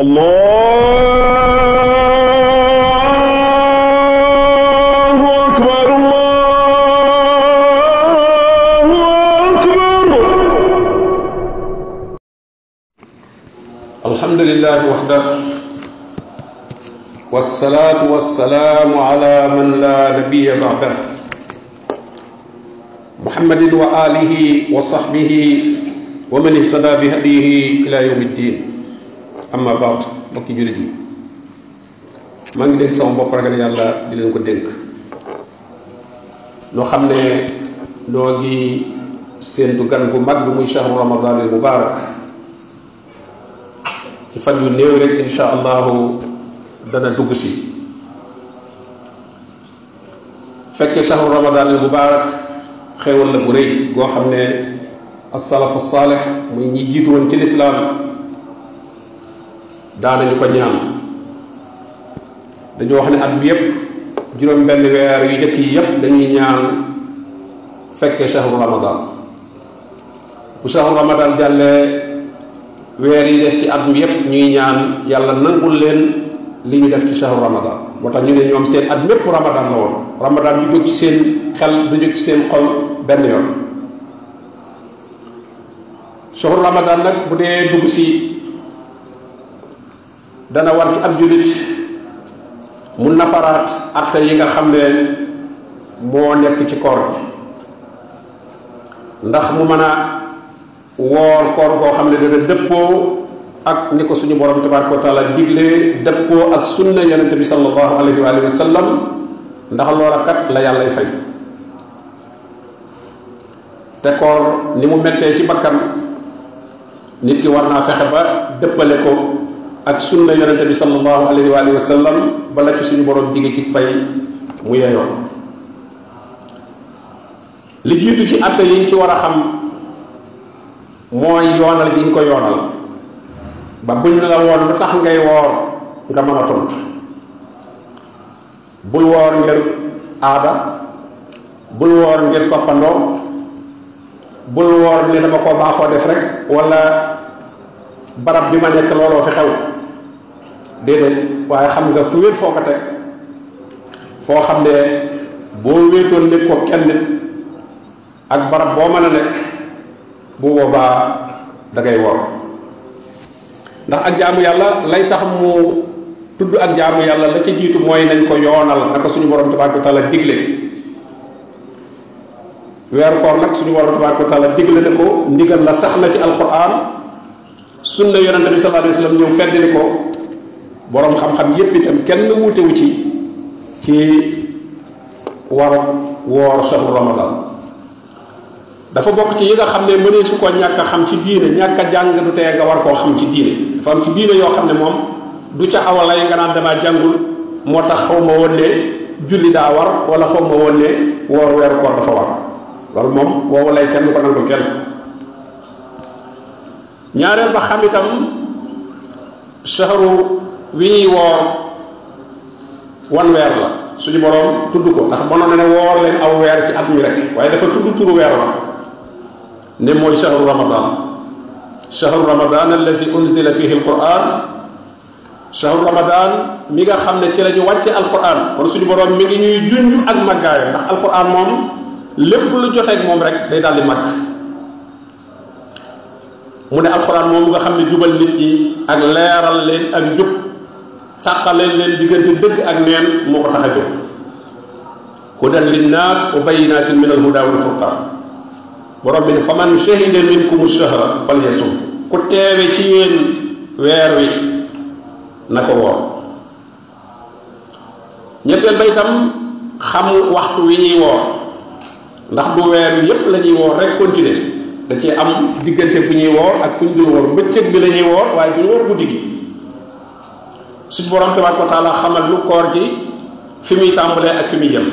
الله أكبر الله أكبر الحمد لله وحده والصلاة والسلام على من لا نبي بعده محمد وآله وصحبه ومن اهتدى بهديه إلى يوم الدين amma baat mbokki jullit yi maa ngi dénk sama bopp ragal yàlla di leen ko dénk noo xam ne noo ngi séentu gan gu mag bi muy shahru ramadan al mubarak ci fan yu néew rek insha allahu dana dugg si fekke shahru ramadan al mubarak xéewal la bu rëy goo xam ne asalafu saalix muy ngi jiitu woon ci lislaam daanañu ko ñaan dañoo wax ne at bi yépp juróom benn weer yu njëkk yi yépp dañuy ñaan fekke shahru ramadan bu shahru ramadan jàllee weer yi des ci at mi yépp ñuy ñaan yàlla nangul leen li ñu def ci shahru ramadan moo tax ñu ne ñoom seen at mépp ramadan la woon ramadan du jóg ci seen xel du jóg ci seen xol benn yoon shahru ramadan nag bu dee dugg si dana war ci ab julit mu ak tay yi nga xamne mo nek ci koor ndax mu meuna wor koor go xamne dana ak niko suñu borom tabaraka taala digle deppo ak sunna yaronte bi sallallahu Alaihi wa alihi wa sallam ndax loola kat la yalla fay te koor ni mu metté ci bakkan nit ki war naa fexe ba ko ak sunna yonente bi sallallahu alayhi wa ba la ci suñu borom digg ci fay mu yeyoo li jiitu ci appel yi ci war a xam mooy yoonal gi ñu ko yoonal ba buñ la woon lu tax ngay woor nga mën a tontu bul woor ngir aada bul woor ngir toppandoo bul woor ni dama koo baaxoo def rek wala barab bi ma nekk looloo fi xew déedéet waaye xam nga fu wéet foo ko teg foo xam ne boo wéetoon nekk ko kenn nit ak barab boo mën a nekk bu boobaa da wor ndax ak jaamu yàlla lay tax mu tudd ak jaamu yàlla la ci jiitu mooy nañ ko yoonal naka suñu borom tabaraka wa taala digle weeru koor nag suñu borom tabaraka wa taala digle na ko ndigal la sax na ci alquran sunna yonente bi sallallahu alayhi wa sallam ñëw feddali ko boroom xam-xam yépp itam kenn wuutewu ci ci war woor shahru ramadan dafa bokk ci yi nga xam ne mënee su ko ñàkk xam ci diine ñàkk a jàng du tee nga war koo xam ci diine dafa am ci diine yoo xam ne moom du ca awalay nga naan damaa jàngul moo tax xaw ma woon ne julli daa war wala xaw ma woon ne woor weeru koor dafa war loolu moom woowu lay kenn du nangu kenn ñaareel ba xam itam shahru wi ñuy woor wan weer la suñu borom tudd ko ndax mënoon na ne woor leen aw weer ci at mi rek waaye dafa tudd turu weer la ne mooy shahru ramadan shahru ramadan allazi unzila fihi alquran shahru ramadan mi nga xam ne ci la ñu wàcce alquran kon suñu borom mi ngi ñuy junj ak màggaayo ndax alquran moom lépp lu joteeg moom rek day daal di mu ne alquran moom nga xam ne jubal nit ñi ak leeral leen ak jub taqalel len digënté deug ak neen moko taxa jox hudan linnas wa bayyinatin min al-huda wal furqan wa bi faman shahida minkum ash-shahra falyasum ku téwé ci yeen wër wi nako wor ñettel bay tam xam waxtu wi ñi wor ndax du wër yépp lañuy wor rek continuer da ci am digënté bu ñi wor ak fuñ dul wor bëccëg bi lañuy wor way du wor guddi suñ borom tabaraka wa taala xamal lu koor gi fi muy tàmbalee ak fi muy yem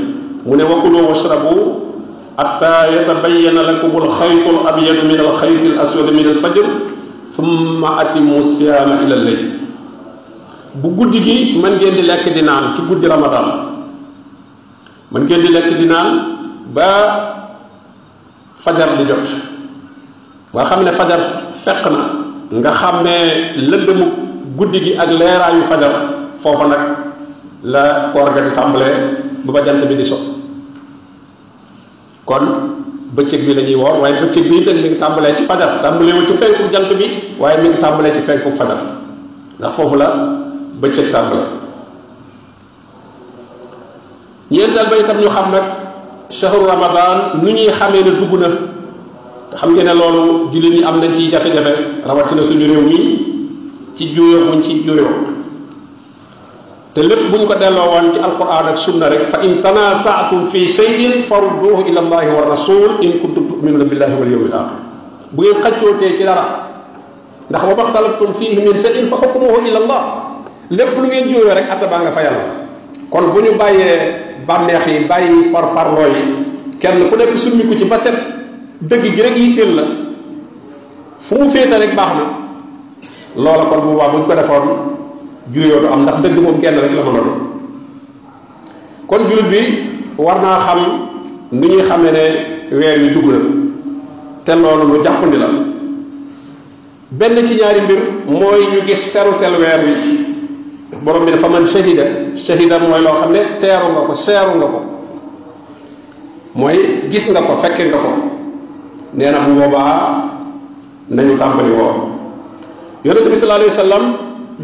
mu ne wakuloo washrabu hatta yatabayyana lakum alxaytu alabyadu min alxayti alaswadi min alfajr summa atimu siyaama ila alleyl bu guddi gi mën ngeen di lekk di naan ci guddi ramadan mën ngeen di lekk di naan ba fajar di jot waa xam ne fajar fekk na nga xam ne lëndëmuk guddi gi ak leeraayu fajar foofa nag la koor ga tàmbalee bu ba jant bi di so kon bëccëg bi lañuy ñuy waaye bëccëg bi nag mi tàmbalee ci fajar tàmbalewu ci fenku jant bi waaye mi tàmbalee ci fenku fajar ndax foofu la bëccëg tàmbalee ñeenteel ba itam ñu xam nag shahru ramadan nu ñuy xamee ne dugg na xam ngeen ne loolu jullit ñi am nañ ci jafe-jafe rawatina suñu réew mi ci juuyoo buñ ci juuyoo te lépp bu buñ ko delloo woon ci alquran ak sunna rek fa in tanasaatum fi shay'in farudduhu ila allahi wa rasul in kuntum tuminuna billahi wal yawmil bu ngeen xaccootee ci dara ndax wa maxtalaftum fihi min shay'in fa hukmuhu ila lépp lu ngeen juuyoo rek atta baa nga fa yàlla kon bu ñu bàyyee bànneex yi bàyyi par parloo yi kenn ku nekk summiku ci ba set dëgg gi rek yitteel la fu mu féete rek baax na loola kon bu boobaa bu ñu ko defoon juree du am ndax dëgg moom kenn rek la mën a doon kon jullit bi war naa xam ni ñuy xame ne weer wi dugg na te loolu lu jàppandi la benn ci ñaari mbir mooy ñu gis teru tel weer wi borom bi dafa man shahida shahida mooy loo xam ne teeru nga ko seeru nga ko mooy gis nga ko fekke nga ko nee na bu boobaa nañu tàmbali woo yonente bi sallallahu alayhi wa sallam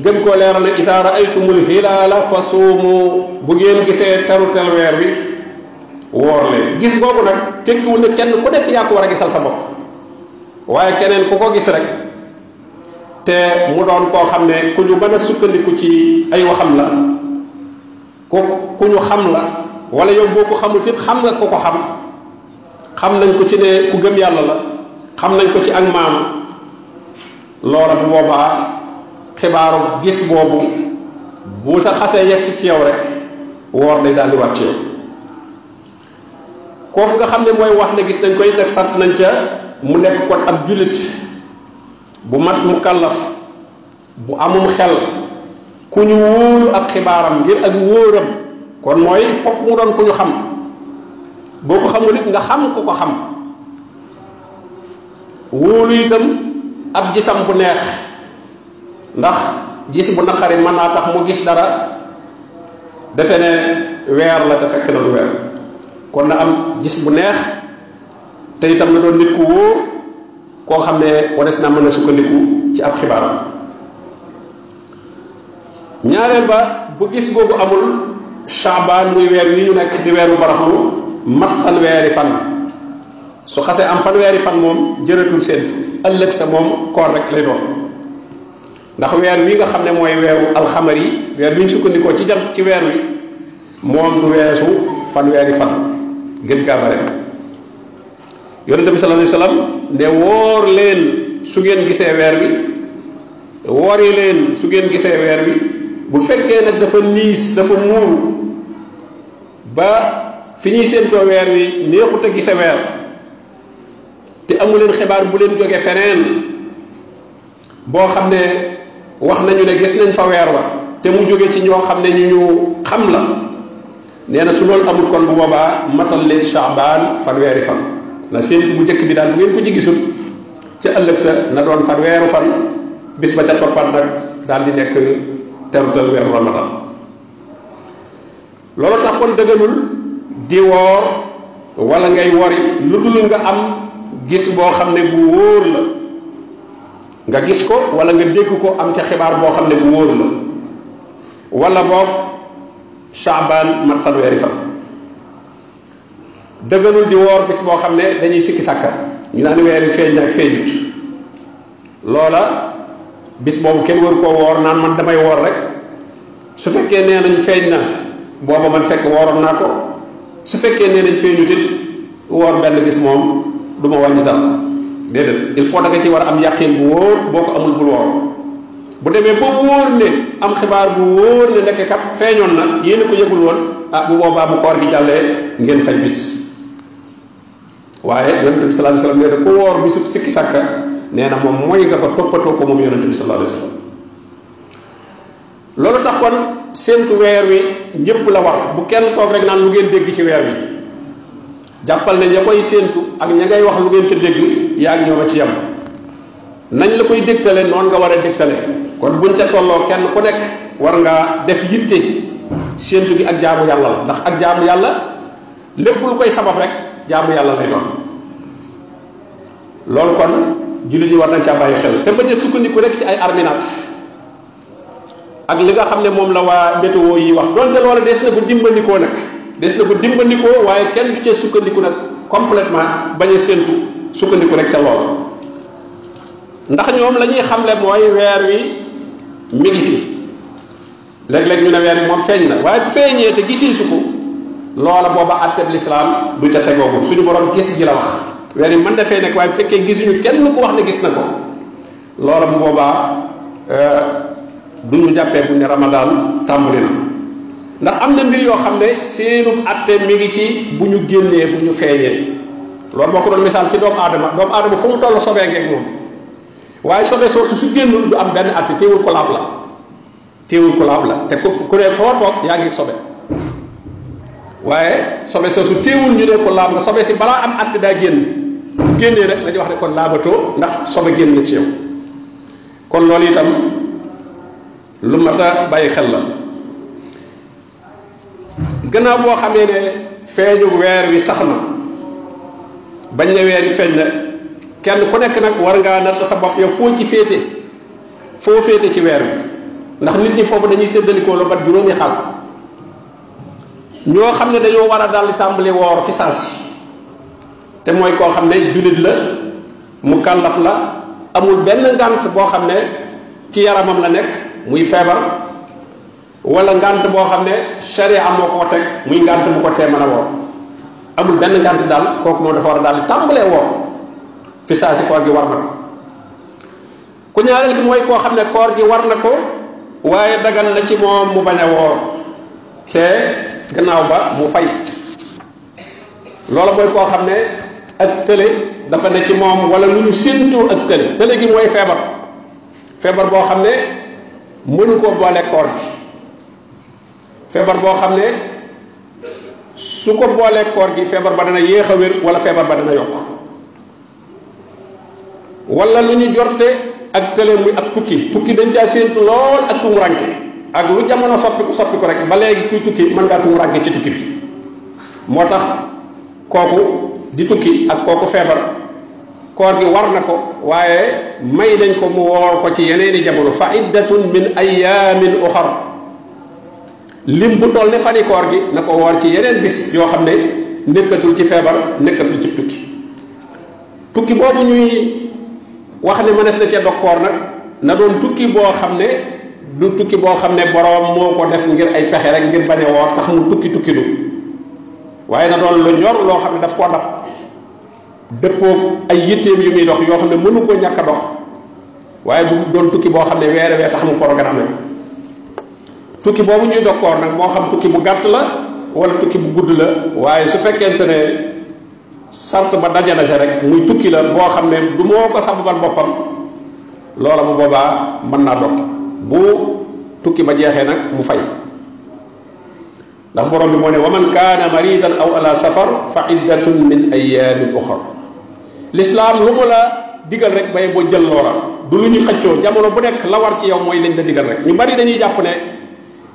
gën koo leeral ne isaa raaytumul hilaala fa suumu bu ngeen gisee teru tel weer bi woor leen gis boobu nag tekkiwul ne kenn ku nekk yaa ko war a gisal sa bopp waaye keneen ku ko gis rek te mu doon koo xam ne ku ñu mën a sukkandiku ci ay waxam la ku ku ñu xam la wala yow boo ko xamul it xam nga ku ko xam xam nañ ko ci ne ku gëm yàlla la xam nañ ko ci ak maam loola bu boobaa xibaaru gis boobu bu sa xasee yegg si ci yow rek woor day daal di war ci yow kooku nga xam ne mooy wax na gis dañ koy nag sant nañ ca mu nekk kon ab jullit bu mat mu kallaf bu amum xel ku ñu wóolu ak xibaaram ngir ak wóoram kon mooy fokk mu doon ku ñu xam boo ko xamul it nga xam ku ko xam wóolu itam ab gisam bu neex ndax gis bu naqari mën naa tax mu gis dara defe ne weer la te fekk na du weer kon na am gis bu neex te itam na doon nit ku wóor koo xam ne wares na mën a sukkandiku ci ab xibaar ñaareel ba bu gis googu amul chaban muy weer ni ñu nekk di weeru baraxlu mat fanweeri fan su xasee am fanweeri fan moom jëratul seen ëllëg sa moom koor rek lay doon ndax weer wi nga xam ne mooy weeru alxamar yi weer biñ sukkandikoo ci jam ci weer wi moom du weesu fanweeri fan gën gaa bare yonente bi sallallahu alayhi ne woor leen su ngeen gisee weer bi woori leen su ngeen gisee weer bi bu fekkee nag dafa niis dafa muuru ba fi ñuy séentoo weer wi neexut a gise weer te amu leen xibaar bu leen jóge feneen boo xam ne wax nañu ne gis nañ fa weer wa te mu jóge ci ñoo xam ne ñu ñu xam la nee na su loolu amul kon bu boobaa matal leen chaabaan fanweeri fan na séntu bu njëkk bi daal bu ngeen ko ci gisul ca ëllëg sa na doon fanweeru fan bis ba ca toppat nag daal di nekk terutal weeru ramadan loolu tax kon dëgganul di woor ngay wori lu dul nga am gis boo xam ne bu wóor la nga gis ko wala nga dégg ko am ca xibaar boo xam ne bu wóor la wala boog Shaaban mat fanweeri fan dëgganul di woor bis boo xam ne dañuy sikki sàkka ñu naan weeri feeñ ak feeñut loola bis boobu kenn waru koo woor naan man damay woor rek su fekkee nee nañ feeñ na booba man fekk wooroon naa ko su fekkee nee nañ feeñut it woor benn bis moom du ma wàññi dara déedéet il faut da nga ci war a am yàqin bu wóor boo ko amul bul wor bu demee ba wóor ne am xibaar bu wóor ne nekk kat feeñoon na yéen ko yëgul woon ah bu boobaa bu koor gi jàllee ngeen fay bis waaye yonente bi sallallahu alayhi wasallam nee na ku woor bisub sikki sàkka nee na moom mooy nga ko toppatoo ko moom yonente bi sallallahu alayhi wasallam loolu tax kon séntu weer wi ñëpp la war bu kenn toog rek naan lu ngeen dégg ci weer wi jàppal na ya koy séentu ak ña ngay wax lu ngeen ca dégg yaa ngi ñoom ci yem nañ la koy dégtale noonu nga war a dégtale kon buñ ca tolloo kenn ku nekk war ngaa def yitte séentu gi ak jaamu yàlla la ndax ak jaamu yàlla lépp lu koy sabab rek jaamu yàlla lay doon loolu kon jullit yi war nañ ca bàyyi xel te ba a sukkandiku rek ci ay arminaat ak li nga xam ne moom la waa météo yi wax donte loola des na ko dimbandikoo nag des na ko dimbandiko waye kenn du ci sukkandiku nak complètement bañ sentu sukkandiku rek ca lool ndax ñoom la xamle moy weer wi mi ngi fi leg leg ñu na weer moom feñ na waye feñé te gisi suko loola booba atteb lislaam du ca ko suñu borom gis ji la wax weer yi man da nekk nek bu fekke gisunu kenn ko wax na gis nako loola bu euh duñu jappé bu ne ramadan tambulina ndax am na mbir yoo xam ne seenum atte mi ngi ci bu ñu génnee bu ñu feeñee loolu moo ko doon misaal ci doomu aadama doomu aadama fu mu toll sobee ngeeg moom waaye sobe soosu su génnul am benn atte téewul la téewul ko laab la te ku ku ne foo toog yaa ngi sobe waaye sobe su téewul ñu ne ko laab la sobe si balaa am atte daa génn bu génnee rek dañuy wax ne kon laabatoo ndax sobe génn na ci yow kon loolu itam lu mat a bàyyi xel la gannaaw boo xamee ne feeñu weer wi sax na bañ ne weer yi feeñ na kenn ku nekk nag war ngaa natt sa bopp yow foo ci féete foo féete ci weer wi ndax nit ñi foofu dañuy séddalikoo lu bat juróomi xal ñoo xam ne dañoo war a daldi tàmbali woor fi saasi te mooy koo xam ne jullit la mu kàllaf la amul benn ngànt boo xam ne ci yaramam la nekk muy feebar wala ngànt boo xam ne sharia amoo ko teg muy ngànt bu ko tee mën a woor amul benn ngànt daal kooku moom dafa war a daal tàmbalee woor fi saa si koor gi war na ko ku ñaareel ki mooy koo xam ne koor gi war na ko waaye dagan na ci moom mu bane a woor te gannaaw ba mu fay loolu mooy koo xam ne ak tële dafa ne ci moom wala lu ñu séntu ak tële tële gi mooy feebar feebar boo xam ne mënu ko boole koor gi febar bo xamne su ko bolé koor gi febar ba dana yéxa wër wala febar ba dana yok wala lu ñu jorte ak télé muy ak tukki tukki dañ caa sentu lool ak tu ranké ak lu jamono soppi ko rek ba légui kuy tukki man nga tu ranké ci tukki bi motax koku di tukki ak koku febar koor gi war na ko waaye may dañ ko mu woor ko ci yeneeni jamono fa min ayyamin ukhra lim bu toll ne fani koor gi na ko woor ci yeneen bis yoo xam ne nekkatul ci feebar nekkatul ci tukki tukki boobu ñuy wax ne mënees na cee dog koor nag na doon tukki boo xam ne du tukki boo xam ne boroom moo ko def ngir ay pexe rek ngir bañ a woor tax mu tukki tukki du waaye na doon lu ñor loo xam ne daf koo dab dëppoog ay yitteem yu muy dox yoo xam ne mënu ko ñàkk a dox waaye doon tukki boo xam ne weere wee tax mu programme tukki boobu ñuy dokkoor nag moo xam tukki bu gàtt la wala tukki bu gudd la waaye su fekkente ne sart ba daje na sa rek muy tukki la boo xam ne du moo ko sababal boppam loola bu boobaa mën naa dog bu tukki ba jeexee nag mu fay ndax borom bi moo ne wa man kaana maridan aw ala safar fa iddatun min ayaamin uxar lislaam lu mu la digal rek bay boo jël loola du lu ñu xëccoo jamono bu nekk la war ci yow mooy lañ la digal rek ñu bari dañuy jàpp ne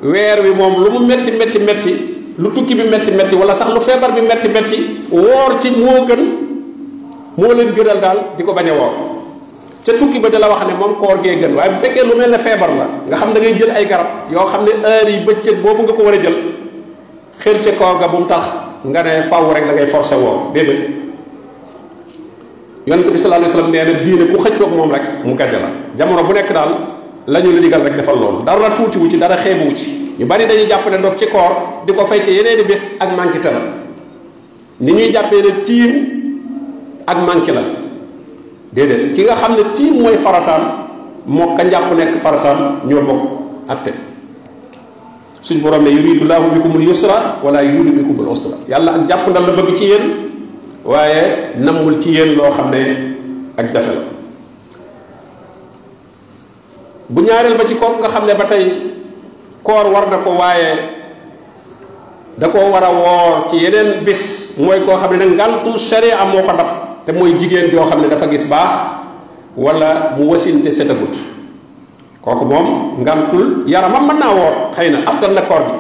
weer wi moom lu mu metti metti metti lu tukki bi metti metti wala sax lu feebar bi metti metti woor ci moo gën moo leen gënal daal di ko bañ a woor ca tukki ba da la wax ne moom koor gee gën waaye bu fekkee lu mel ne feebar la nga xam da ngay jël ay garab yoo xam ne heure yi bëccëg boobu nga ko war a jël xër ca koor ga bu mu tax nga ne faaw rek da ngay forcé woor déedéet yonent bi sallallahu alayhi wasallam nee na diine ku moom rek mu gàjj la jamono bu nekk daal lañu la digal rek defal lool dara tuuti wu ci dara xeebu wu ci ñu bari dañu japp ne ndox ci koor di fay ci yeneen bis ak manki tala ni ñuy jappé ne tiim ak manki la déedéet ki nga xam ne tiim mooy farataam moo ka njàpp nekk farataam ñoo bokk atte suñu borom ne yuridu laahu bikum al yusra wala yuridu bikum al usra yalla ak japp ndal la bëgg ci yeen waaye namul ci yeen lo xam ak jafe la bu ñaareel ba ci kooku nga xam ne ba tey koor war na ko waaye da koo war a woor ci yeneen bis mooy koo xam ne nag ngàntu sharia moo ko dab te mooy jigéen joo xam ne dafa gis baax wala mu wasinte setagut kooku moom ngàntul yaramam mën naa woor xëy na attan na koor bi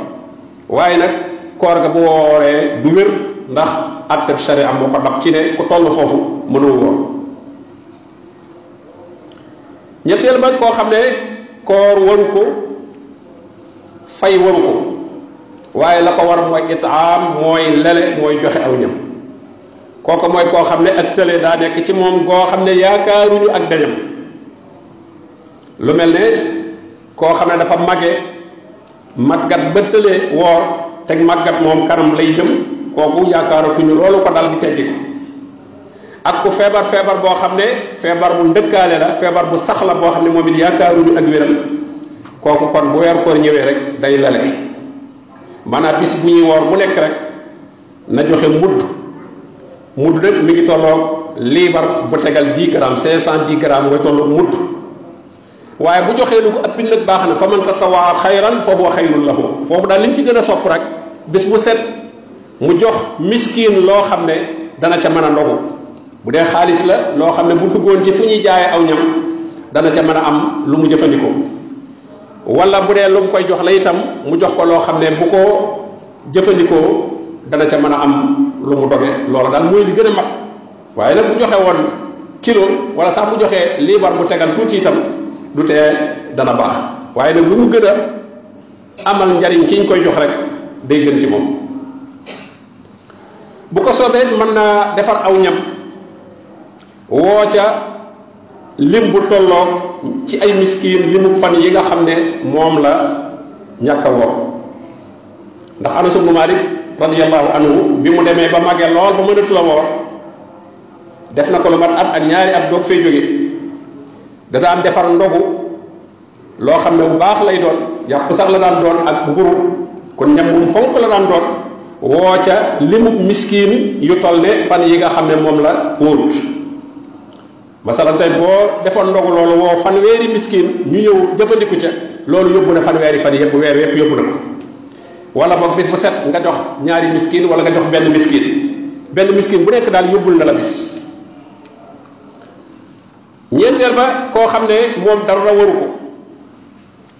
waaye nag koor ga bu wooree du wér ndax atteb sharia moo ko dab ci ne ku toll foofu mënul woor ñetteel ba koo xam ne koor waru ko fay waru ko waaye la ko war mooy itaam mooy lele mooy joxe aw ñam kooku mooy koo xam ne ak tële daa nekk ci moom koo xam ne yaakaaruñu ak dañam lu mel ne koo xam ne dafa mage màggat ba tële woor teg màggat moom kanam lay jëm kooku yaakaaratuñu loolu ko dal di teggi ko ak ku feebar feebar boo xam ne feebar bu ndëkkaale la feebar bu sax la boo xam ne moom it yaakaaruñu ak wéram kooku kon bu weer koor ñëwee rek day lale maanaam bis bu ñuy woor bu nekk rek na joxe mudd mudd nag mi ngi tolloog liibar bu tegal 10 grammes 510 grammes nga tolloog mudd waaye bu joxee lu ko at bi nag baax na fa man tatawaa xayran fa huwa xayrun lahu foofu daal li ñu ci gën a sopp rek bis bu set mu jox miskin loo xam ne dana ca mën a ndogu bu dee xaalis la loo xam ne bu duggoon ci fu ñuy jaayee aw ñam dana ca mën a am lu mu jëfandikoo wala bu dee lu mu koy jox la itam mu jox ko loo xam ne bu ko jëfandikoo dana ca mën a am lu mu doge loola daal mooy li gën a mag waaye nag bu joxe woon kilo wala sax bu joxee liibar bu tegal tuuti itam du tee dana baax waaye nag lu mu gën a amal njariñ ki ñu koy jox rek day gën ci moom bu ko soobee mën naa defar aw ñam woo limbu lim ci ay miskin limu fan yi nga xamne mom la ñaka a wor ndax anas ibn malik radiyallahu anhu bi mu deme ba magge lol ba meunatu la wor def na ko lu mat at ak ñaari at doog fay joge da am defar ndogu lo xamne bu baax lay doon sax la daan doon ak mburu kon ñam bu fonk la daan doon wo ca limu miskin yu tolle fan yi nga xamne mom la masalan boo defoon ndogu loolu woo fanweeri miskin ñu ñëw jëfandiku ca loolu yóbbu na fanweeri fan yëpp weer yëpp yóbbu na ko wala boog bis bu set nga jox ñaari miskin wala nga jox benn miskin benn miskin bu nekk daal yóbbul na la bis ñeenteel ba koo xam ne moom dara la ko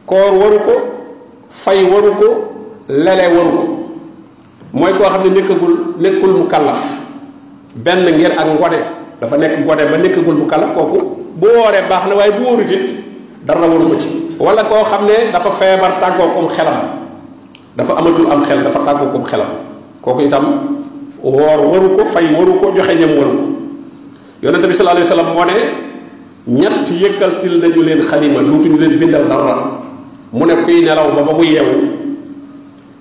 koor waru ko fay waru ko lele waru mooy koo xam ne nekkagul nekkul mu kàllaf benn ngir ak ngone dafa nek gone ba nekkagul mu kalaf koku bo woré bax la way bu woru jitt dara woru ko ci wala ko xamné ne dafa feebar tàggoo kom xelam dafa amatul am xel dafa tàggoo kom xelam koku itam wor woru ko fay woru ko joxe ñam woru ko yonente bi sallallahu alayhi wasallam moo ne ñett yëkkaltil nañu leen xalima ñu leen bindal dara mu ne kuy nelaw ba ba mu yeewu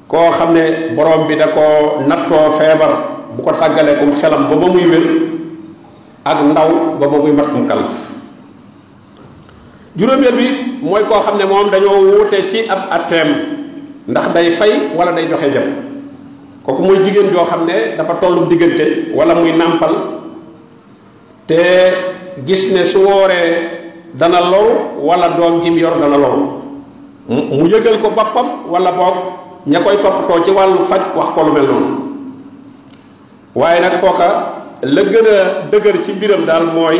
koo xam ne borom bi da ko nattoo feebar bu ko tàggalee kum xelam ba ba muy wér ak ndaw ba ba muy mat mu juróomeel bi mooy koo xam ne moom dañoo wuute ci ab atteem ndax day fay wala day joxe jëm kooku mooy jigéen joo xam ne dafa tollu diggante wala muy nàmpal te gis ne su wooree dana loru wala doom jim yor dana loru mu yëgal ko boppam wala boog ña koy toppatoo ci wàllu faj wax ko lu mel noonu waaye nag kooka la gën a dëgër ci mbiram daal mooy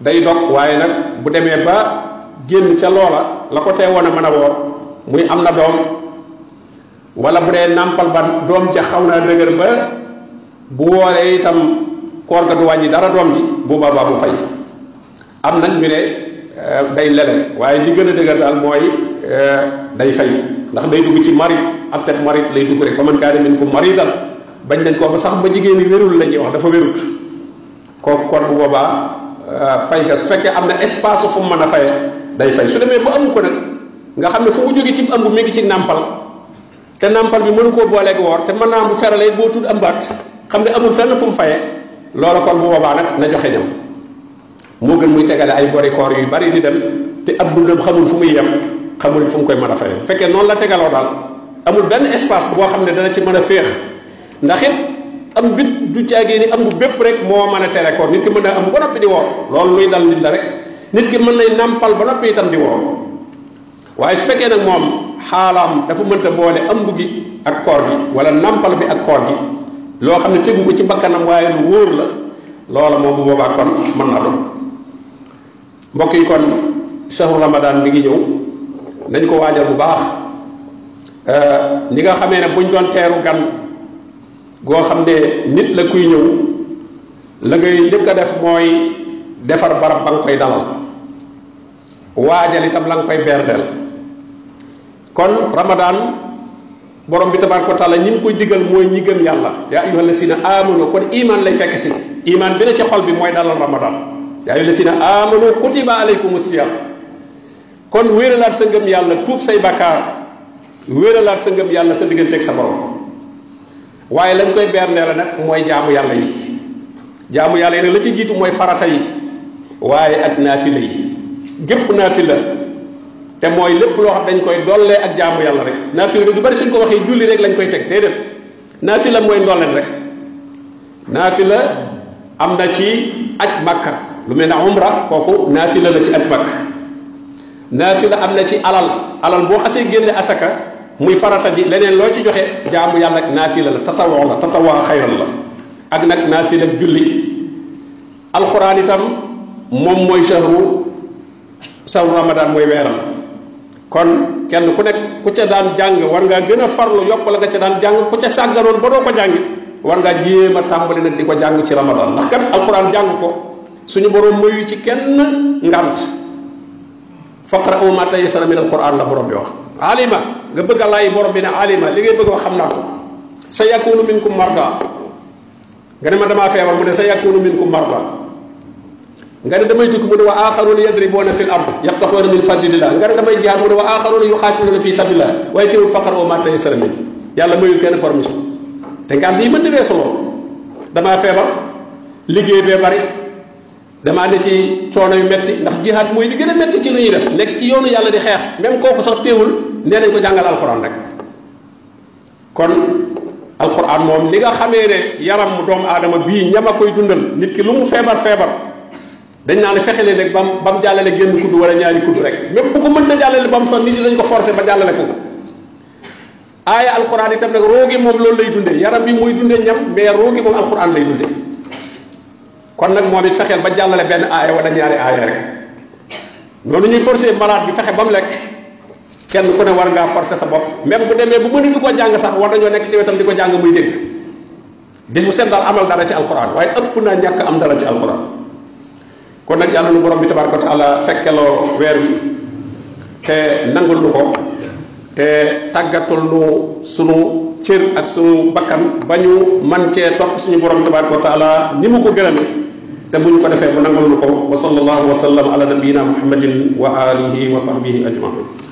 day dog waaye nag bu demee ba génn ca loola la ko teewoon a mën a woor muy am na doom wala bu dee nàmpal ba doom ja xaw naa dëgër ba bu wooree itam koor ga du wàññi dara doom ji bu boobaa mu fay am nañ ñu ne euh, day lele waaye li gën a dëgër daal mooy euh, day fay ndax day dugg ci marit ab tet marit lay dugg rek fa man kaa ne ko marital bañ nañ koo ba sax ba jigéen ñi wérul lañuy wax dafa wérut kooku kon bu boobaa euh, fay nga su fekkee am na espace fu mu mën a faye day fay su demee ba amu ko nag nga xam ne fu mu jógee ci ëmb mi ngi ci nàmpal te nàmpal bi mënu koo booleeg woor te mën naa bu feralee boo tudd ëmbaat xam amul fenn fu mu faye loolu kon boobaa nag na joxe ñam gën muy tegale ay bori koor yu bari di dem te ab dundam xamul fu muy yem xamul fu mu koy mën a faye bu fekkee noonu la tegaloo daal amul benn espace boo xam ne dana ci mën a féex ndax it am bit du ciage ni am bepp rek mo meuna a tere nit ki meuna am ba nopi di wor loolu luy dal nit la rek nit ki mën nay nàmpal ba nopi itam di wor waye su fekkee nak mom xalam dafa mënta boole ëmb gi ak koor gi wala nampal bi ak koor gi lo xam teggu ko ci bakkanam waaye lu wóor la loola moom bu boba kon man na do mbokk yi kon shahru ramadan bi ngi ñew nañ ko waajal bu baax ni euh, nga xamé ne buñ doon téru gan goo xam ne nit la kuy ñëw la ngay njëkk a def mooy defar barab ba nga koy dalal waajal itam la nga koy berndeel kon ramadaan borom bi tabaaraka wa taala ñi ngi koy digal mooy ñi gëm yàlla yaa ayyuha lasina amanu kon iman lay fekk si iman bi ne ci xol bi mooy dalal ramadaan yaa ayyuha lasina amanu kutiba alaykum siyam kon wéeralaat sa ngëm yàlla tuub say bakkaar wéeralaat sa ngëm yàlla sa digganteeg sa borom waaye lañ koy bernee la nag mooy jaamu yàlla yi jaamu yàlla yi rek la ci jiitu mooy farata yi waaye ak naafila yi gépp naafila te mooy lépp loo xam dañ koy dollee ak jaamu yàlla rek naafila bi du bari suñ ko waxee julli rek lañ koy teg déedéet naafila mooy ndolleen rek naafila am na ci aj makka lu mel ne umra kooku naafila la ci aj makka naafila am na ci alal alal boo xasee génne asaka muy farata ji leneen loo ci joxe jaamu yàlla ak naafila la tatawoo la tatawaa xayran la ak nag naafila ak julli alquran itam moom mooy shahru shahru ramadan mooy weeram kon kenn ku nekk ku ca daan jàng war ngaa gën a farlu yokk la nga ca daan jàng ku ca sàggaroon ba doo ko jàng war ngaa jéem a tàmbali nag di ko jàng ci ramadan ndax kat alquran jàng ko suñu borom mooy ci kenn ngant faqra'u ma tayassara min alquran la borom bi wax alima nga bëgg lay borom bi ne alima li ngay bëgg wax xam naa ko sa yakunu minkum marda nga ne ma dama feebar mu ne sa yakunu minkum marda nga ne damay tukki mu ne wa akharuna yadribuna fil ard yaqtahuna min fadlillah nga ne damay jaar mu ne wa akharuna yuqatiluna fi sabilillah wa tiru faqr wa ma taysara min yalla mayu kenn formation te nga yi mën di weesu dama feebar liggéey be bari dama ne ci coono yu metti ndax jihad moy li gëna metti ci lu ñuy def nek ci yoonu yalla di xex même koku sax teewul nee nañ ko jàngal alxuraan rek kon alxuraan moom li nga xamee ne yaram mu doomu aadama bii a koy dundal nit ki lu mu feebar feebar dañ naan ne fexe leen rek ba mu ba mu jàllale génn kudd wala ñaari kudd rek même bu ko mën na jàllale ba mu sax nit ñi dañ ko forcer ba jàllale ko aaya alxuraan itam nag roogi moom loolu lay dundee yaram bi muy dundee ñam mais roogi moom alxuraan lay dundee kon nag moom it fexeel ba jàllale benn aaya wala ñaari aaya rek noonu ñuy forcer bi fexe ba mu lekk. kenn ku ne war nga forcer sa bop même bu demee bu mënatu ko jàng sax war nañu nekk ci wetam di ko jàng muy dégg bis bu seet amal dara ci alquran waaye ëpp naa ñàkk am dara ci alquran kon nag yàlla nu borom bi tabaraka taala fekkeloo weer wi te nangul nu ko te tàggatul nu sunu cër ak sunu bakkan ba ñu man cee topp suñu borom tabaraka taala ni mu ko gërëme te buñ ko defee mu nangul nu ko wa sallallahu wa sallam ala nabiyina muhammadin wa alihi wa sahbihi ajmain